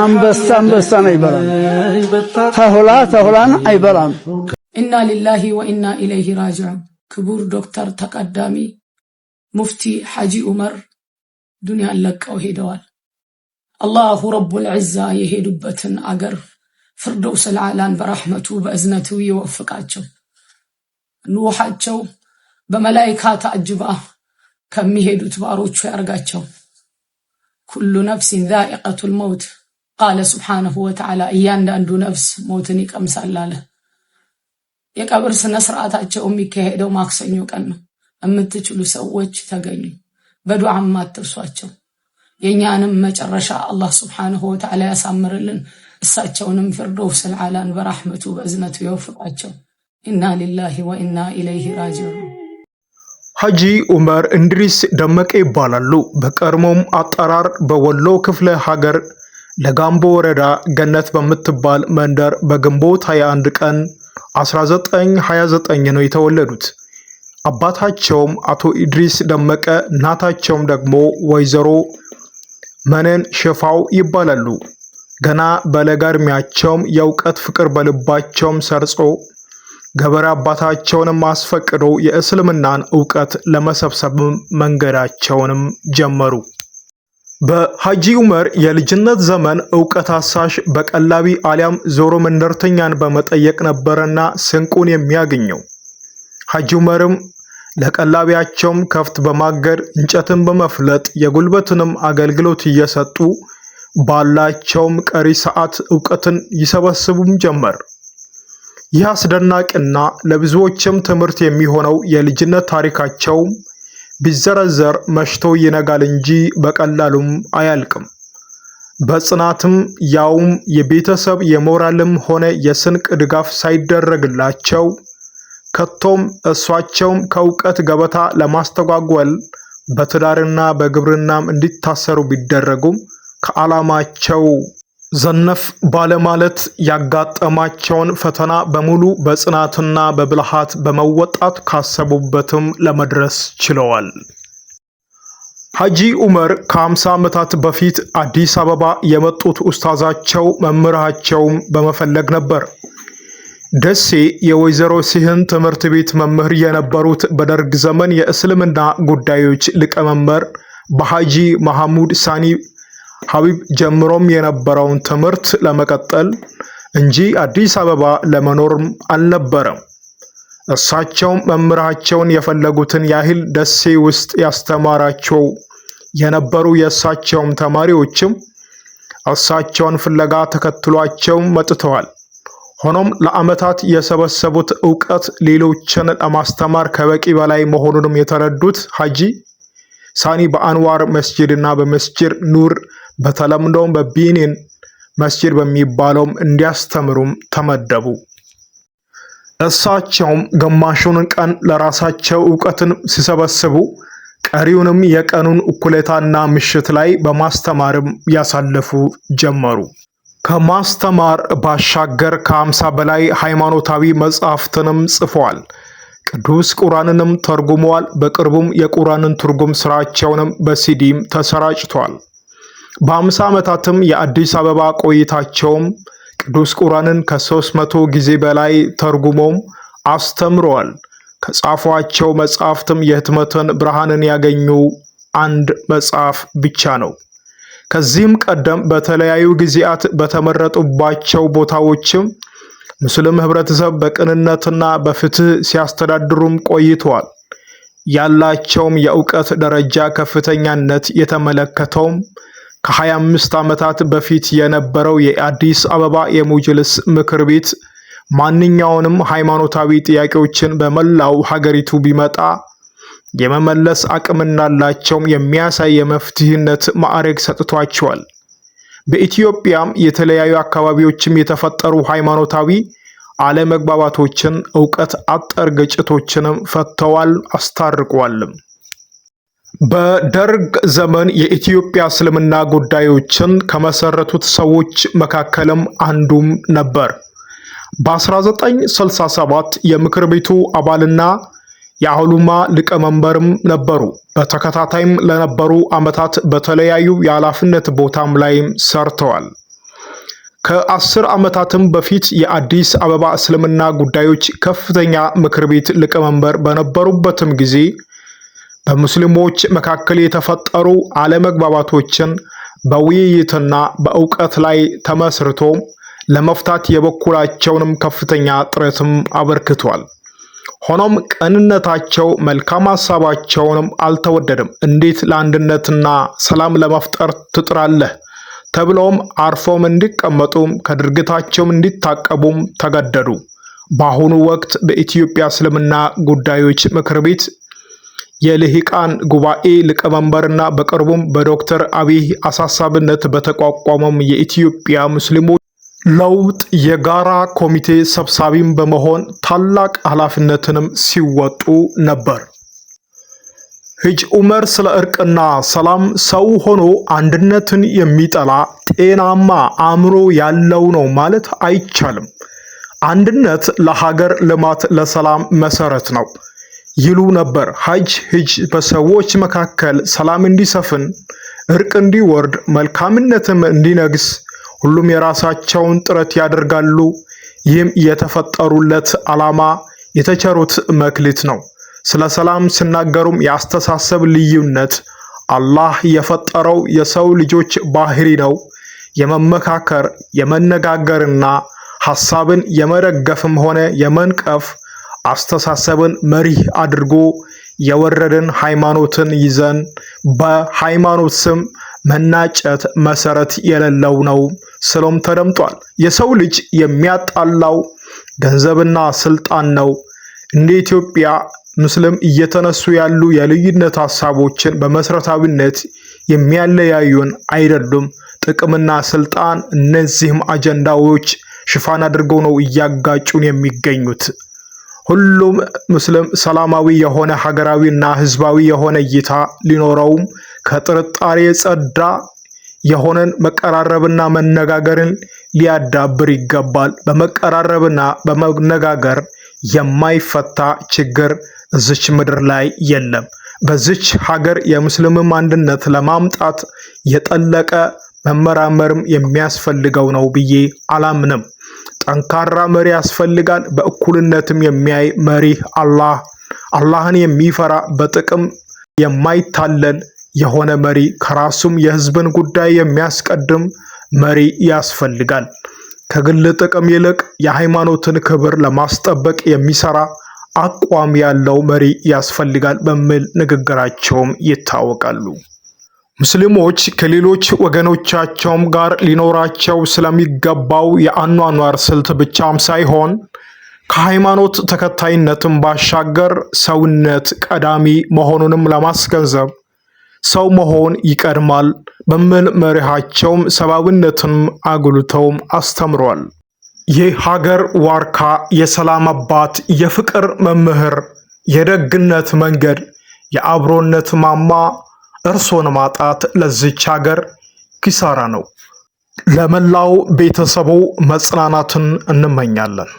አንበሳ አንበሳን አይበላም፣ ተሁላ ተሁላን አይበላም። ኢና ሊላሂ ወኢና ኢለይሂ ራጅዑን። ክቡር ዶክተር ተቀዳሚ ሙፍቲ ሐጂ ዑመር ዱንያን ለቀው ሄደዋል። አላሁ ረቡል ዕዛ የሄዱበትን አገር ፍርደውስ ልዓላን በረሕመቱ በእዝነቱ ይወፍቃቸው። ንውሓቸው በመላይካ ተአጅባ ከሚሄዱት ባሮቹ ያርጋቸው። ኩሉ ነፍሲን ዛኢቀቱል መውት ቃለ ስብሓንሁ ወተዓላ እያንዳንዱ ነፍስ ሞትን ይቀምሳል አለ። የቀብር ስነ ስርዓታቸው የሚካሄደው ማክሰኞ ቀን ነው። የምትችሉ ሰዎች ተገኙ፣ በዱዓም አትርሷቸው። የእኛንም መጨረሻ አላህ ስብሓንሁ ወተዓላ ያሳምርልን። እሳቸውንም ፊርደውስ ልዓላን በራሕመቱ በእዝነቱ የወፍቃቸው። ኢና ሊላሂ ወኢና ኢለይሂ ራጂዑን። ሐጂ ዑመር እንድሪስ ደመቀ ይባላሉ። በቀድሞም አጠራር በወሎ ክፍለ ሀገር ለጋምቦ ወረዳ ገነት በምትባል መንደር በግንቦት 21 ቀን 1929 ነው የተወለዱት። አባታቸውም አቶ ኢድሪስ ደመቀ፣ እናታቸውም ደግሞ ወይዘሮ መነን ሸፋው ይባላሉ። ገና በለጋ ዕድሜያቸውም የእውቀት ፍቅር በልባቸውም ሰርጾ ገበሬ አባታቸውንም አስፈቅዶ የእስልምናን እውቀት ለመሰብሰብም መንገዳቸውንም ጀመሩ። በሐጂ ዑመር የልጅነት ዘመን እውቀት አሳሽ በቀላቢ አሊያም ዞሮ መንደርተኛን በመጠየቅ ነበረና ስንቁን የሚያገኘው። ሐጂ ዑመርም ለቀላቢያቸውም ከፍት በማገድ እንጨትን በመፍለጥ የጉልበትንም አገልግሎት እየሰጡ ባላቸውም ቀሪ ሰዓት እውቀትን ይሰበስቡም ጀመር። ይህ አስደናቂና ለብዙዎችም ትምህርት የሚሆነው የልጅነት ታሪካቸውም ቢዘረዘር መሽቶ ይነጋል እንጂ በቀላሉም አያልቅም። በጽናትም ያውም የቤተሰብ የሞራልም ሆነ የስንቅ ድጋፍ ሳይደረግላቸው ከቶም እሷቸውም ከእውቀት ገበታ ለማስተጓጎል በትዳርና በግብርናም እንዲታሰሩ ቢደረጉም ከዓላማቸው ዘነፍ ባለማለት ያጋጠማቸውን ፈተና በሙሉ በጽናትና በብልሃት በመወጣት ካሰቡበትም ለመድረስ ችለዋል። ሐጂ ዑመር ከ50 ዓመታት በፊት አዲስ አበባ የመጡት ኡስታዛቸው መምህራቸውም በመፈለግ ነበር። ደሴ የወይዘሮ ሲህን ትምህርት ቤት መምህር የነበሩት በደርግ ዘመን የእስልምና ጉዳዮች ሊቀመንበር በሐጂ መሐሙድ ሳኒ ሀቢብ ጀምሮም የነበረውን ትምህርት ለመቀጠል እንጂ አዲስ አበባ ለመኖርም አልነበረም። እሳቸው መምህራቸውን የፈለጉትን ያህል ደሴ ውስጥ ያስተማራቸው የነበሩ የእሳቸውም ተማሪዎችም እሳቸውን ፍለጋ ተከትሏቸው መጥተዋል። ሆኖም ለዓመታት የሰበሰቡት እውቀት ሌሎችን ለማስተማር ከበቂ በላይ መሆኑንም የተረዱት ሀጂ ሳኒ በአንዋር መስጂድና በመስጂድ ኑር በተለምዶም በቢኒን መስጂድ በሚባለውም እንዲያስተምሩም ተመደቡ። እሳቸውም ግማሹን ቀን ለራሳቸው እውቀትን ሲሰበስቡ ቀሪውንም የቀኑን እኩሌታና ምሽት ላይ በማስተማርም ያሳለፉ ጀመሩ። ከማስተማር ባሻገር ከአምሳ በላይ ሃይማኖታዊ መጽሐፍትንም ጽፈዋል። ቅዱስ ቁራንንም ተርጉመዋል። በቅርቡም የቁራንን ትርጉም ስራቸውንም በሲዲም ተሰራጭቷል። በአምሳ ዓመታትም የአዲስ አበባ ቆይታቸውም ቅዱስ ቁራንን ከሦስት መቶ ጊዜ በላይ ተርጉሞም አስተምረዋል። ከጻፏቸው መጻሕፍትም የህትመትን ብርሃንን ያገኙ አንድ መጽሐፍ ብቻ ነው። ከዚህም ቀደም በተለያዩ ጊዜያት በተመረጡባቸው ቦታዎችም ሙስሊም ህብረተሰብ በቅንነትና በፍትህ ሲያስተዳድሩም ቆይተዋል። ያላቸውም የእውቀት ደረጃ ከፍተኛነት የተመለከተውም ከ25 ዓመታት በፊት የነበረው የአዲስ አበባ የሙጅልስ ምክር ቤት ማንኛውንም ሃይማኖታዊ ጥያቄዎችን በመላው ሀገሪቱ ቢመጣ የመመለስ አቅም እንዳላቸውም የሚያሳይ የመፍትሄነት ማዕረግ ሰጥቷቸዋል። በኢትዮጵያም የተለያዩ አካባቢዎችም የተፈጠሩ ሃይማኖታዊ አለመግባባቶችን፣ እውቀት አጠር ግጭቶችንም ፈተዋል፣ አስታርቋልም። በደርግ ዘመን የኢትዮጵያ እስልምና ጉዳዮችን ከመሰረቱት ሰዎች መካከልም አንዱም ነበር። በ1967 የምክር ቤቱ አባልና የአሁሉማ ሊቀመንበርም ነበሩ። በተከታታይም ለነበሩ ዓመታት በተለያዩ የኃላፊነት ቦታም ላይም ሰርተዋል። ከአስር ዓመታትም በፊት የአዲስ አበባ እስልምና ጉዳዮች ከፍተኛ ምክር ቤት ሊቀመንበር በነበሩበትም ጊዜ በሙስሊሞች መካከል የተፈጠሩ አለመግባባቶችን በውይይትና በእውቀት ላይ ተመስርቶ ለመፍታት የበኩላቸውንም ከፍተኛ ጥረትም አበርክቷል። ሆኖም ቅንነታቸው፣ መልካም ሀሳባቸውንም አልተወደደም። እንዴት ለአንድነትና ሰላም ለመፍጠር ትጥራለህ ተብለውም አርፎም እንዲቀመጡም ከድርጊታቸውም እንዲታቀቡም ተገደዱ። በአሁኑ ወቅት በኢትዮጵያ እስልምና ጉዳዮች ምክር ቤት የልሂቃን ጉባኤ ሊቀመንበርና በቅርቡም በዶክተር አብይ አሳሳቢነት በተቋቋመም የኢትዮጵያ ሙስሊሞች ለውጥ የጋራ ኮሚቴ ሰብሳቢም በመሆን ታላቅ ኃላፊነትንም ሲወጡ ነበር። ህጅ ዑመር ስለ እርቅና ሰላም ሰው ሆኖ አንድነትን የሚጠላ ጤናማ አእምሮ ያለው ነው ማለት አይቻልም። አንድነት ለሀገር ልማት፣ ለሰላም መሰረት ነው። ይሉ ነበር። ሀጅ ሂጅ በሰዎች መካከል ሰላም እንዲሰፍን፣ እርቅ እንዲወርድ፣ መልካምነትም እንዲነግስ ሁሉም የራሳቸውን ጥረት ያደርጋሉ። ይህም የተፈጠሩለት ዓላማ የተቸሩት መክሊት ነው። ስለ ሰላም ሲናገሩም የአስተሳሰብ ልዩነት አላህ የፈጠረው የሰው ልጆች ባህሪ ነው። የመመካከር የመነጋገርና ሐሳብን የመደገፍም ሆነ የመንቀፍ አስተሳሰብን መሪህ አድርጎ የወረድን ሃይማኖትን ይዘን በሃይማኖት ስም መናጨት መሰረት የሌለው ነው ስለም ተደምጧል። የሰው ልጅ የሚያጣላው ገንዘብና ስልጣን ነው። እንደ ኢትዮጵያ ምስልም እየተነሱ ያሉ የልዩነት ሀሳቦችን በመሰረታዊነት የሚያለያዩን አይደሉም። ጥቅምና ስልጣን፣ እነዚህም አጀንዳዎች ሽፋን አድርገው ነው እያጋጩን የሚገኙት። ሁሉም ሙስሊም ሰላማዊ የሆነ ሀገራዊ እና ህዝባዊ የሆነ እይታ ሊኖረውም ከጥርጣሬ የጸዳ የሆነን መቀራረብና መነጋገርን ሊያዳብር ይገባል። በመቀራረብና በመነጋገር የማይፈታ ችግር እዚች ምድር ላይ የለም። በዚች ሀገር የሙስሊምም አንድነት ለማምጣት የጠለቀ መመራመርም የሚያስፈልገው ነው ብዬ አላምንም። ጠንካራ መሪ ያስፈልጋል። በእኩልነትም የሚያይ መሪ አላህ አላህን የሚፈራ በጥቅም የማይታለል የሆነ መሪ ከራሱም የህዝብን ጉዳይ የሚያስቀድም መሪ ያስፈልጋል። ከግል ጥቅም ይልቅ የሃይማኖትን ክብር ለማስጠበቅ የሚሰራ አቋም ያለው መሪ ያስፈልጋል በሚል ንግግራቸውም ይታወቃሉ። ሙስሊሞች ከሌሎች ወገኖቻቸውም ጋር ሊኖራቸው ስለሚገባው የአኗኗር ስልት ብቻም ሳይሆን ከሃይማኖት ተከታይነትም ባሻገር ሰውነት ቀዳሚ መሆኑንም ለማስገንዘብ ሰው መሆን ይቀድማል በምን መሪሃቸውም ሰብአዊነትን አጉልተውም አስተምሯል። የሀገር ዋርካ፣ የሰላም አባት፣ የፍቅር መምህር፣ የደግነት መንገድ፣ የአብሮነት ማማ እርሶን ማጣት ለዚች ሀገር ኪሳራ ነው። ለመላው ቤተሰቡ መጽናናትን እንመኛለን።